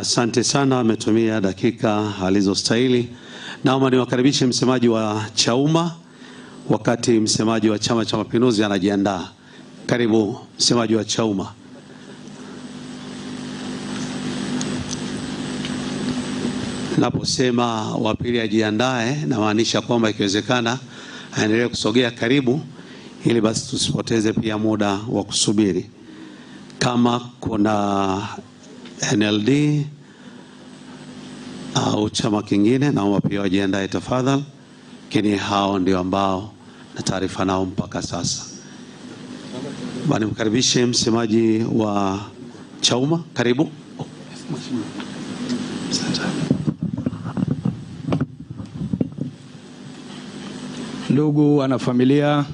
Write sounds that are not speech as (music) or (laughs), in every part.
Asante sana, ametumia dakika alizostahili. Naomba niwakaribishe msemaji wa Chauma wakati msemaji wa Chama cha Mapinduzi anajiandaa. Karibu msemaji wa Chauma. Naposema wa pili ajiandae, namaanisha kwamba ikiwezekana aendelee kusogea karibu, ili basi tusipoteze pia muda wa kusubiri. Kama kuna NLD au chama kingine, naomba pia wajiandae tafadhali, lakini hao ndio ambao na taarifa nao mpaka sasa. Bwana, mkaribishe msemaji wa Chauma, karibu. Ndugu wanafamilia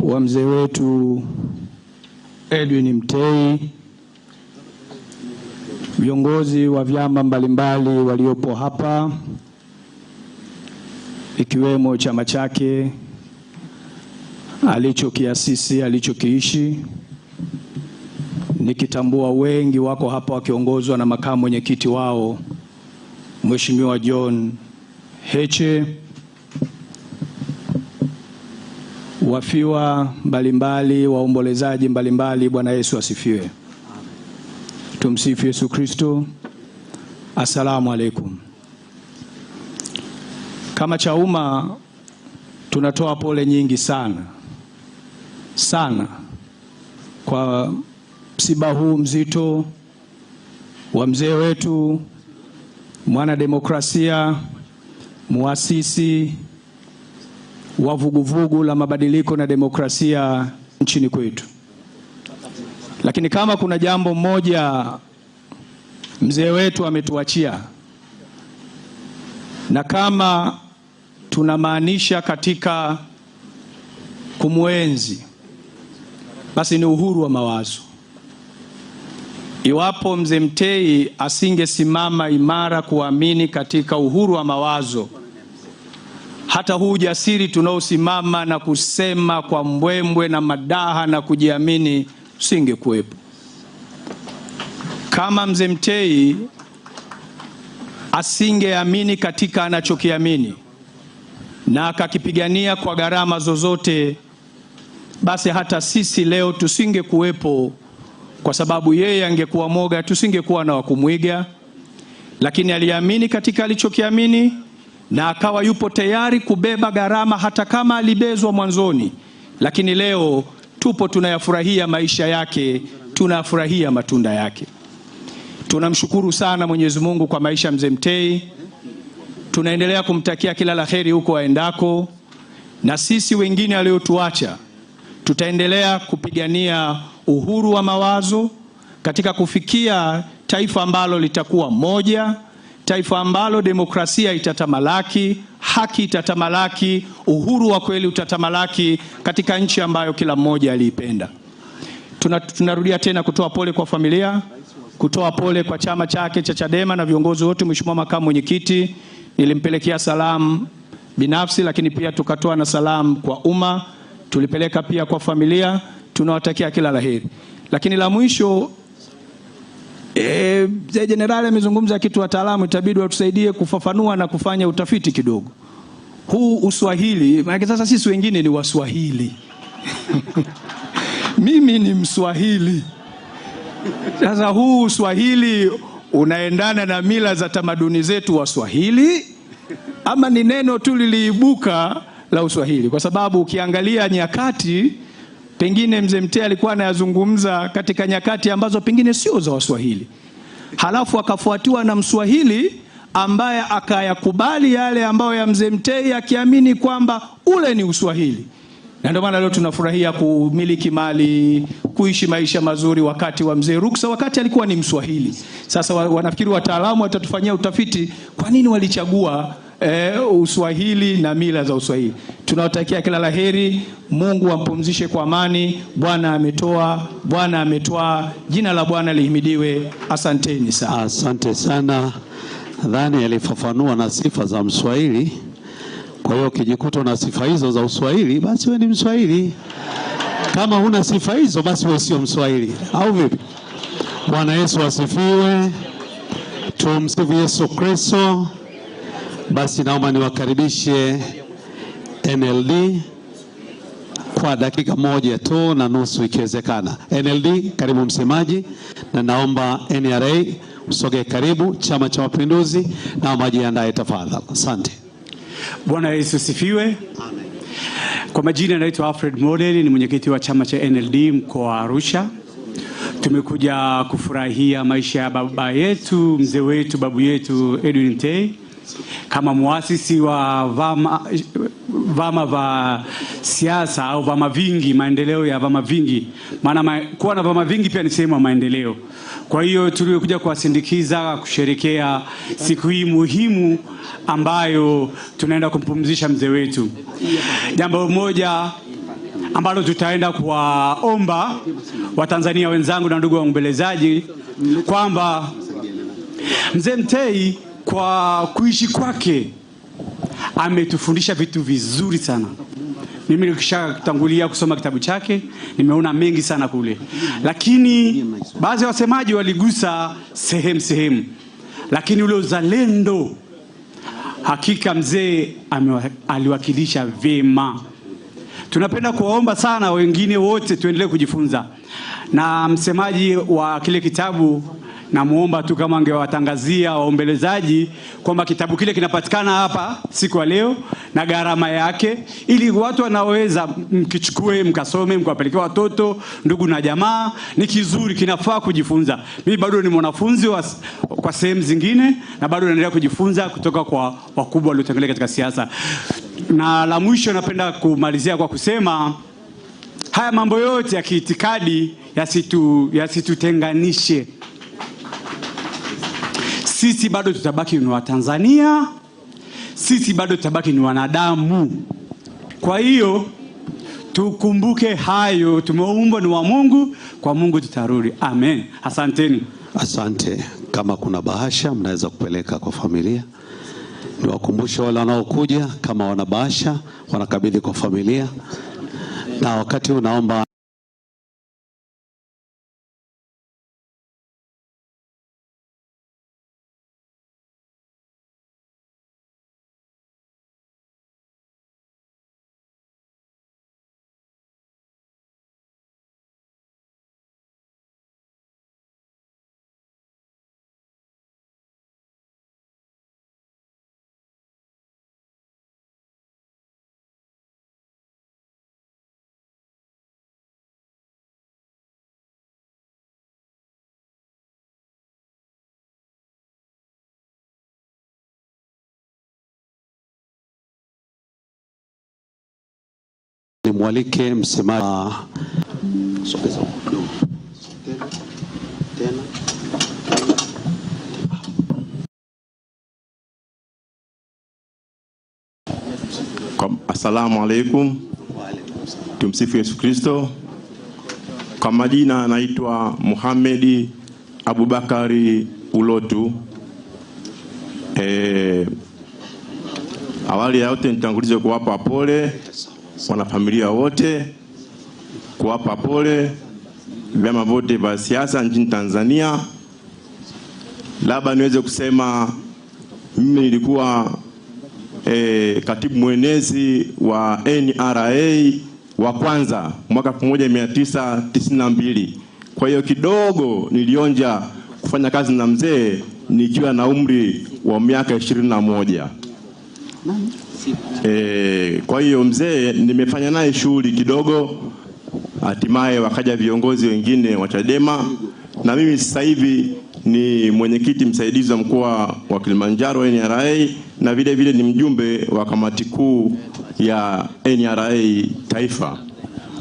wa mzee wetu Edwin Mtei, viongozi wa vyama mbalimbali waliopo hapa ikiwemo chama chake alichokiasisi alichokiishi, nikitambua wengi wako hapa wakiongozwa na makamu mwenyekiti wao Mheshimiwa John Heche. wafiwa mbalimbali, waombolezaji mbalimbali. Bwana Yesu asifiwe. Tumsifu Yesu Kristo. Assalamu alaikum. Kama cha umma tunatoa pole nyingi sana sana kwa msiba huu mzito wa mzee wetu mwana demokrasia muasisi wa vuguvugu la mabadiliko na demokrasia nchini kwetu. Lakini kama kuna jambo moja mzee wetu ametuachia na kama tunamaanisha katika kumwenzi, basi ni uhuru wa mawazo. Iwapo mzee Mtei asingesimama imara kuamini katika uhuru wa mawazo hata huu ujasiri tunaosimama na kusema kwa mbwembwe na madaha na kujiamini usingekuwepo. Kama mzee Mtei asingeamini katika anachokiamini na akakipigania kwa gharama zozote, basi hata sisi leo tusingekuwepo, kwa sababu yeye angekuwa moga, tusingekuwa na wakumwiga, lakini aliamini katika alichokiamini na akawa yupo tayari kubeba gharama hata kama alibezwa mwanzoni, lakini leo tupo tunayafurahia maisha yake, tunafurahia matunda yake. Tunamshukuru sana Mwenyezi Mungu kwa maisha mzee Mtei. Tunaendelea kumtakia kila la heri huko aendako, na sisi wengine aliyotuacha tutaendelea kupigania uhuru wa mawazo katika kufikia taifa ambalo litakuwa moja taifa ambalo demokrasia itatamalaki, haki itatamalaki, uhuru wa kweli utatamalaki katika nchi ambayo kila mmoja aliipenda. Tuna, tunarudia tena kutoa pole kwa familia, kutoa pole kwa chama chake cha Chadema na viongozi wote. Mheshimiwa makamu mwenyekiti, nilimpelekea salamu binafsi, lakini pia tukatoa na salamu kwa umma, tulipeleka pia kwa familia. Tunawatakia kila laheri, lakini la mwisho E, Jenerali amezungumza kitu, wataalamu itabidi watusaidie kufafanua na kufanya utafiti kidogo huu uswahili, maana sasa sisi wengine ni Waswahili (laughs) mimi ni Mswahili. Sasa huu uswahili unaendana na mila za tamaduni zetu Waswahili ama ni neno tu liliibuka la uswahili? Kwa sababu ukiangalia nyakati pengine mzee Mtee alikuwa anayazungumza katika nyakati ambazo pengine sio za Waswahili, halafu akafuatiwa na Mswahili ambaye akayakubali yale ambayo ya mzee Mtei akiamini kwamba ule ni Uswahili. Na ndio maana leo tunafurahia kumiliki mali, kuishi maisha mazuri. Wakati wa mzee Ruksa, wakati alikuwa ni Mswahili. Sasa wanafikiri wataalamu watatufanyia utafiti, kwa nini walichagua eh, Uswahili na mila za Uswahili. Tunawatakia kila laheri Mungu ampumzishe kwa amani. Bwana ametoa, Bwana ametwaa, jina la Bwana lihimidiwe. Asanteni sana, asante sana. Nadhani alifafanua na sifa za Mswahili. Kwa hiyo ukijikuta na sifa hizo za Uswahili, basi wewe ni Mswahili. Kama huna sifa hizo, basi wewe sio Mswahili, au vipi? Bwana Yesu asifiwe. Tumsifu Yesu Kristo. Basi naomba niwakaribishe NLD kwa dakika moja tu na nusu ikiwezekana. NLD karibu msemaji, na naomba NRA usogee karibu. Chama cha Mapinduzi, naomba ajiandae tafadhali. Asante. Bwana Yesu sifiwe. Amen. Kwa majina anaitwa Alfred Model, ni mwenyekiti wa chama cha NLD mkoa wa Arusha. Tumekuja kufurahia maisha ya baba yetu mzee wetu babu yetu Edwin Tei kama muasisi wa vama, vama vya siasa au vama vingi, maendeleo ya vama vingi, maana ma, kuwa na vama vingi pia ni sehemu ya maendeleo. Kwa hiyo tuliokuja kuwasindikiza kusherekea siku hii muhimu ambayo tunaenda kumpumzisha mzee wetu, jambo moja ambalo tutaenda kuwaomba Watanzania wenzangu na ndugu waombelezaji kwamba mzee Mtei kwa kuishi kwake ametufundisha vitu vizuri sana. Mimi nikishatangulia kusoma kitabu chake nimeona mengi sana kule, lakini baadhi ya wasemaji waligusa sehemu sehemu, lakini ule uzalendo hakika mzee aliwakilisha vyema. Tunapenda kuwaomba sana wengine wote tuendelee kujifunza, na msemaji wa kile kitabu Namwomba tu kama angewatangazia waombelezaji kwamba kitabu kile kinapatikana hapa siku ya leo na gharama yake, ili watu wanaoweza mkichukue, mkasome, mkawapelekea watoto, ndugu na jamaa. Ni kizuri, kinafaa kujifunza. Mimi bado ni mwanafunzi kwa sehemu zingine, na bado naendelea kujifunza kutoka kwa wakubwa waliotangulia katika siasa. Na la mwisho, napenda kumalizia kwa kusema haya mambo yote ya kiitikadi yasitutenganishe, sisi bado tutabaki ni Watanzania, sisi bado tutabaki ni wanadamu. Kwa hiyo tukumbuke hayo, tumeumbwa ni wa Mungu, kwa Mungu tutarudi. Amen, asanteni. Asante. Kama kuna bahasha mnaweza kupeleka kwa familia. Niwakumbushe wale wanaokuja, kama wana bahasha wanakabidhi kwa familia, na wakati unaomba tumwalike msemaji wa Asalamu alaikum, tumsifu Yesu Kristo. Kwa majina anaitwa Muhamedi Abubakari Ulotu. E, awali ya yote nitangulize kuwapa pole wanafamilia wote, kuwapa pole vyama vyote vya siasa nchini Tanzania. Labda niweze kusema mimi nilikuwa e, katibu mwenezi wa NRA wa kwanza mwaka 1992. Kwa hiyo kidogo nilionja kufanya kazi na mzee nikiwa na umri wa miaka ishirini na moja. E, kwa hiyo mzee nimefanya naye shughuli kidogo, hatimaye wakaja viongozi wengine wa Chadema na mimi sasa hivi ni mwenyekiti msaidizi wa mkoa wa Kilimanjaro NRA na vile vile ni mjumbe wa kamati kuu ya NRA taifa.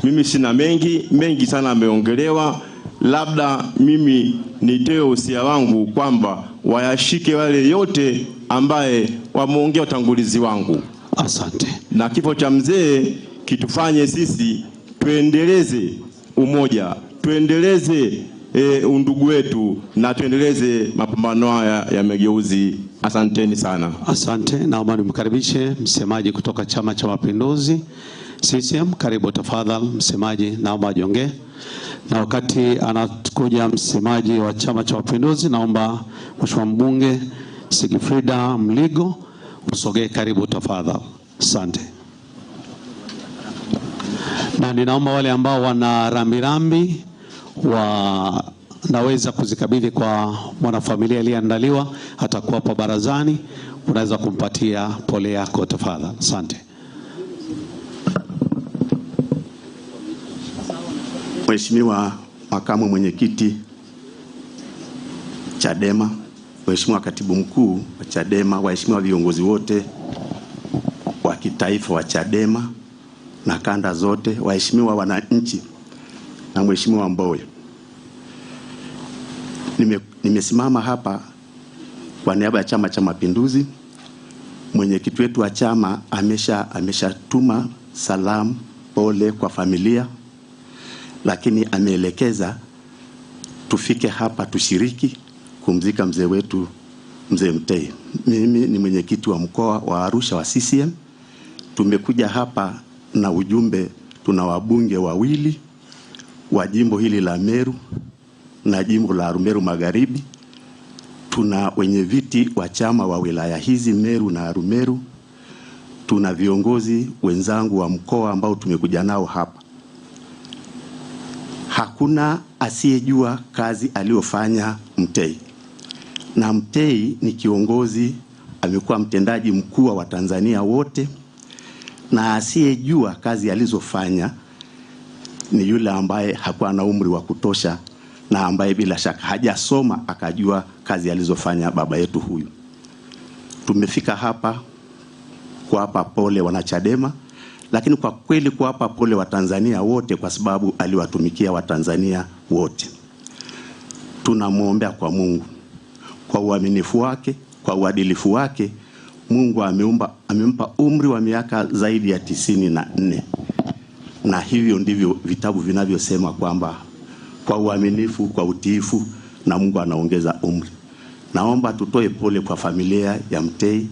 Mimi sina mengi mengi sana, ameongelewa. Labda mimi nitoe usia wangu kwamba wayashike wale yote ambaye wameongea utangulizi wangu. Asante. Na kifo cha mzee kitufanye sisi tuendeleze umoja, tuendeleze e, undugu wetu na tuendeleze mapambano haya ya mageuzi. Asanteni sana. Asante. Naomba nimkaribishe msemaji kutoka Chama cha Mapinduzi CCM. Karibu tafadhali msemaji, naomba ajiongee. Na wakati anakuja msemaji wa Chama cha Mapinduzi, naomba mheshimiwa mbunge Sigifrida Mligo, usogee karibu tafadhali. Asante. Na ninaomba wale ambao wana rambirambi wanaweza kuzikabidhi kwa mwanafamilia aliyeandaliwa, atakuwa hapo barazani. Unaweza kumpatia pole yako tafadhali. Asante. Mheshimiwa Makamu Mwenyekiti Chadema Mheshimiwa Katibu Mkuu wa Chadema, waheshimiwa viongozi wote wa kitaifa wa Chadema na kanda zote, waheshimiwa wananchi na Mheshimiwa Mbowe, nime nimesimama hapa kwa niaba ya Chama cha Mapinduzi. Mwenyekiti wetu wa chama amesha ameshatuma salamu pole kwa familia, lakini ameelekeza tufike hapa tushiriki kumzika mzee wetu mzee Mtei. Mimi ni mwenyekiti wa mkoa wa Arusha wa CCM. Tumekuja hapa na ujumbe, tuna wabunge wawili wa jimbo hili la Meru na jimbo la Arumeru Magharibi. Tuna wenye viti wa chama wa wilaya hizi Meru na Arumeru. Tuna viongozi wenzangu wa mkoa ambao tumekuja nao hapa. Hakuna asiyejua kazi aliyofanya Mtei na Mtei ni kiongozi, amekuwa mtendaji mkuu wa Tanzania wote, na asiyejua kazi alizofanya ni yule ambaye hakuwa na umri wa kutosha na ambaye bila shaka hajasoma akajua kazi alizofanya baba yetu huyu. Tumefika hapa kuwapa pole Wanachadema, lakini kwa kweli kuwapa pole Watanzania wote kwa sababu aliwatumikia Watanzania wote. Tunamwombea kwa Mungu kwa uaminifu wake, kwa uadilifu wake Mungu ameumba, amempa umri wa miaka zaidi ya tisini na nne na hivyo ndivyo vitabu vinavyosema kwamba kwa uaminifu, kwa utiifu na Mungu anaongeza umri. Naomba tutoe pole kwa familia ya Mtei,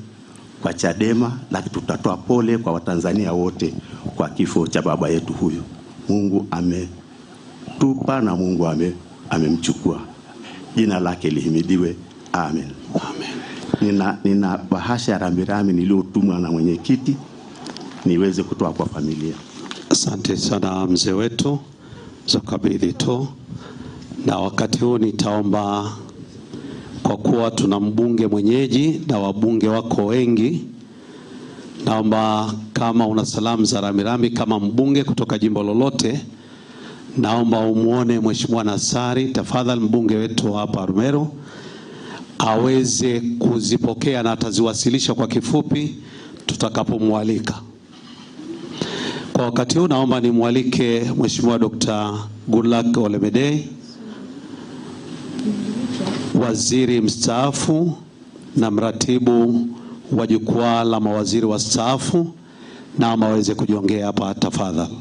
kwa Chadema, lakini tutatoa pole kwa Watanzania wote kwa kifo cha baba yetu huyu. Mungu ametupa na Mungu amemchukua. Ame jina lake lihimidiwe. Amen. Amen. Nina, nina bahasha ya rambirambi niliyotumwa na mwenyekiti niweze kutoa kwa familia. Asante sana mzee wetu zakabidhi tu, na wakati huu nitaomba kwa kuwa tuna mbunge mwenyeji na wabunge wako wengi, naomba kama una salamu za rambirambi kama mbunge kutoka jimbo lolote, naomba umwone Mheshimiwa Nasari tafadhali, mbunge wetu hapa Arumeru aweze kuzipokea na ataziwasilisha kwa kifupi tutakapomwalika. Kwa wakati huu naomba nimwalike Mheshimiwa Dr. Goodluck Ole waziri mstaafu na mratibu wa jukwaa la mawaziri wastaafu, naomba aweze kujiongea hapa tafadhali.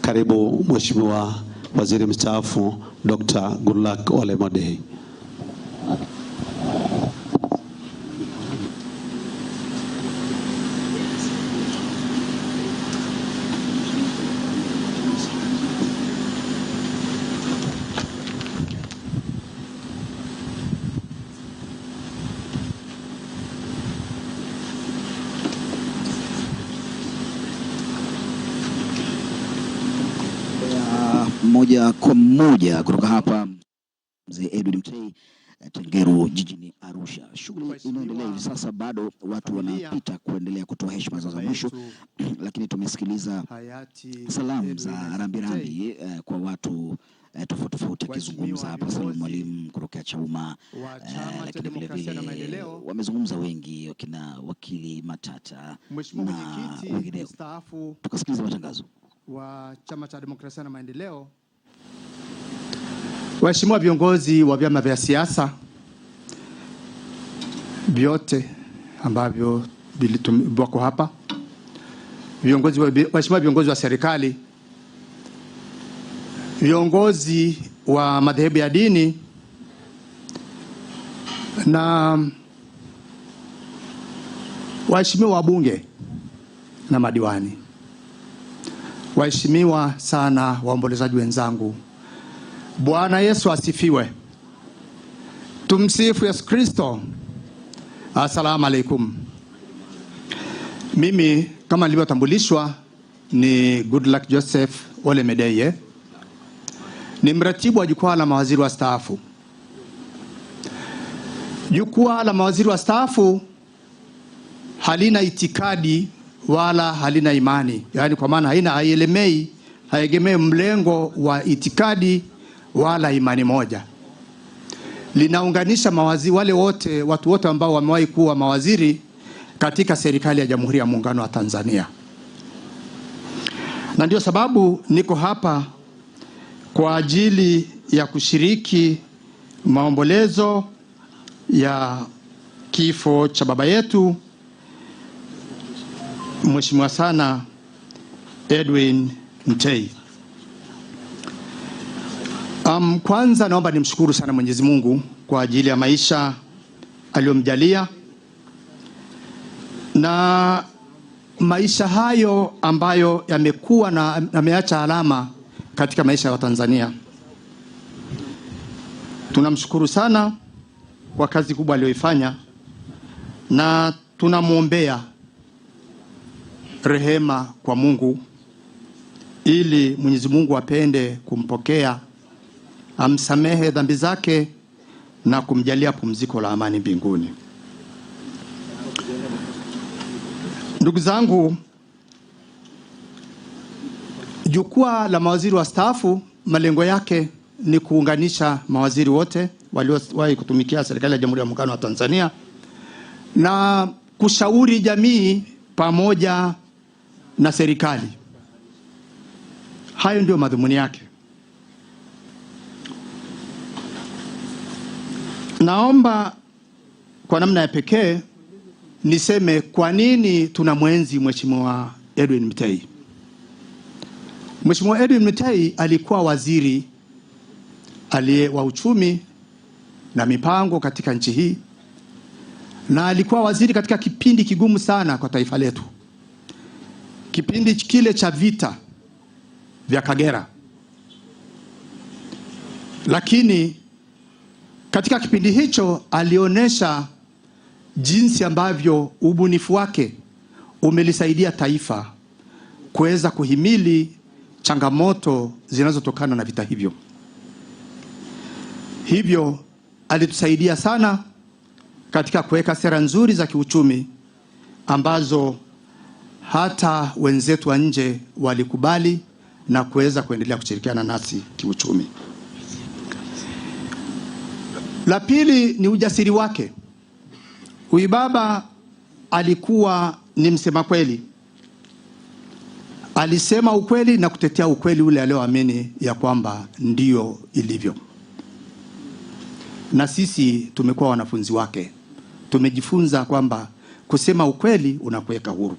Karibu Mheshimiwa Waziri Mstaafu Dr. Goodluck Ole moja kwa moja kutoka hapa mzee Edward Mtei eh, Tengeru jijini Arusha. Shughuli inaendelea hivi sasa, bado watu wanapita kuendelea kutoa heshima zao za mwisho, (clears throat) lakini tumesikiliza salamu za rambirambi eh, kwa watu eh, tofauti tofauti akizungumza hapa Salum Mwalimu kutokea Chauma, lakini vile vile wamezungumza wengi wakina wakili Matata na wengineo. Tukasikiliza matangazo wa Chama cha Demokrasia na Maendeleo Waheshimiwa viongozi wa vyama vya siasa vyote ambavyo wako hapa, viongozi, waheshimiwa viongozi wa serikali, viongozi wa madhehebu ya dini na waheshimiwa wabunge na madiwani, waheshimiwa sana waombolezaji wenzangu Bwana Yesu asifiwe. Tumsifu Yesu Kristo. Asalamu alaikum. Mimi kama nilivyotambulishwa ni Goodluck Joseph Ole Medeye, ni mratibu wa jukwaa la mawaziri wa staafu Jukwaa la mawaziri wa staafu halina itikadi wala halina imani, yaani kwa maana haina haielemei haegemee mlengo wa itikadi wala imani moja, linaunganisha mawaziri wale wote, watu wote ambao wamewahi kuwa mawaziri katika serikali ya Jamhuri ya Muungano wa Tanzania, na ndio sababu niko hapa kwa ajili ya kushiriki maombolezo ya kifo cha baba yetu mheshimiwa sana Edwin Mtei. Um, kwanza naomba nimshukuru sana Mwenyezi Mungu kwa ajili ya maisha aliyomjalia na maisha hayo ambayo yamekuwa na yameacha alama katika maisha ya Watanzania. Tunamshukuru sana kwa kazi kubwa aliyoifanya na tunamwombea rehema kwa Mungu ili Mwenyezi Mungu apende kumpokea amsamehe dhambi zake na kumjalia pumziko la amani mbinguni. Ndugu zangu, jukwaa la mawaziri wastaafu, malengo yake ni kuunganisha mawaziri wote waliowahi kutumikia serikali ya Jamhuri ya Muungano wa Tanzania na kushauri jamii pamoja na serikali. Hayo ndio madhumuni yake. Naomba kwa namna ya pekee niseme kwa nini tuna mwenzi Mheshimiwa Edwin Mtei. Mheshimiwa Edwin Mtei alikuwa waziri aliye wa uchumi na mipango katika nchi hii na alikuwa waziri katika kipindi kigumu sana kwa taifa letu, kipindi kile cha vita vya Kagera, lakini katika kipindi hicho alionyesha jinsi ambavyo ubunifu wake umelisaidia taifa kuweza kuhimili changamoto zinazotokana na vita hivyo. Hivyo alitusaidia sana katika kuweka sera nzuri za kiuchumi ambazo hata wenzetu wa nje walikubali na kuweza kuendelea kushirikiana nasi kiuchumi. La pili ni ujasiri wake. Huyu baba alikuwa ni msema kweli, alisema ukweli na kutetea ukweli ule alioamini ya kwamba ndio ilivyo, na sisi tumekuwa wanafunzi wake. Tumejifunza kwamba kusema ukweli unakuweka huru.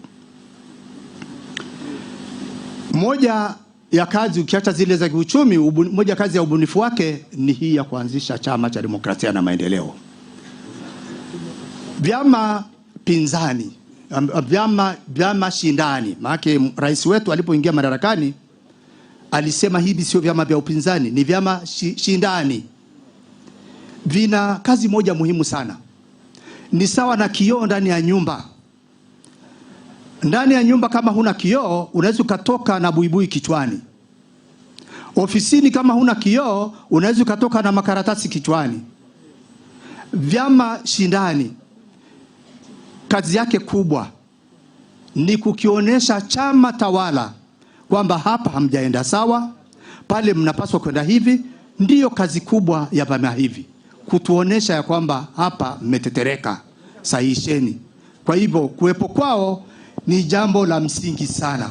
Moja ya kazi ukiacha zile za kiuchumi, moja kazi ya ubunifu wake ni hii ya kuanzisha chama cha demokrasia na maendeleo. Vyama pinzani, vyama vyama shindani, Maana rais wetu alipoingia madarakani alisema hivi, sio vyama vya upinzani, ni vyama shindani. Vina kazi moja muhimu sana, ni sawa na kioo ndani ya nyumba. Ndani ya nyumba kama huna kioo, unaweza ukatoka na buibui kichwani. Ofisini kama huna kioo, unaweza ukatoka na makaratasi kichwani. Vyama shindani kazi yake kubwa ni kukionyesha chama tawala kwamba hapa hamjaenda sawa, pale mnapaswa kwenda hivi. Ndiyo kazi kubwa ya vyama hivi, kutuonesha ya kwamba hapa mmetetereka, sahihisheni. Kwa hivyo kuwepo kwao ni jambo la msingi sana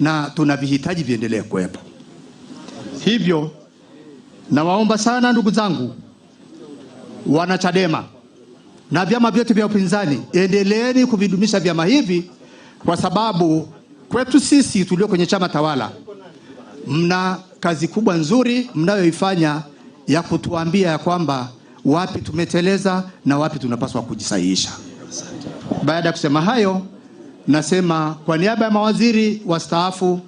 na tuna vihitaji viendelee kuwepo. Hivyo nawaomba sana ndugu zangu wanachadema na vyama vyote vya upinzani, endeleeni kuvidumisha vyama hivi, kwa sababu kwetu sisi tulio kwenye chama tawala, mna kazi kubwa nzuri mnayoifanya ya kutuambia ya kwamba wapi tumeteleza na wapi tunapaswa kujisahihisha. Baada ya kusema hayo Nasema kwa niaba ya mawaziri wastaafu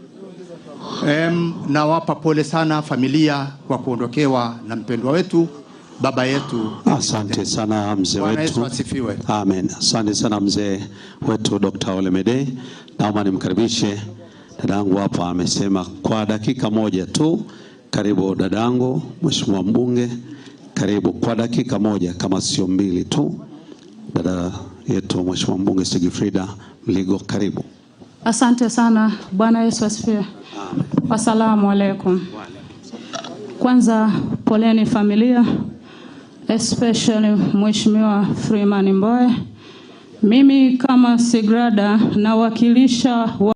em, nawapa pole sana familia kwa kuondokewa na mpendwa wetu baba yetu. Asante sana mzee wetu, amen. Asante sana mzee wetu Dr. olemede Naomba nimkaribishe dadangu hapa, amesema kwa dakika moja tu. Karibu dadangu, mheshimiwa mbunge, karibu kwa dakika moja kama sio mbili tu, dada yetu Mheshimiwa Mbunge Sigfrida Mligo, karibu. Asante sana. Bwana Yesu asifiwe. Asalamu alaikum. Kwanza poleni familia, especially Mheshimiwa Freeman Mbowe. Mimi kama Sigrada nawakilisha wa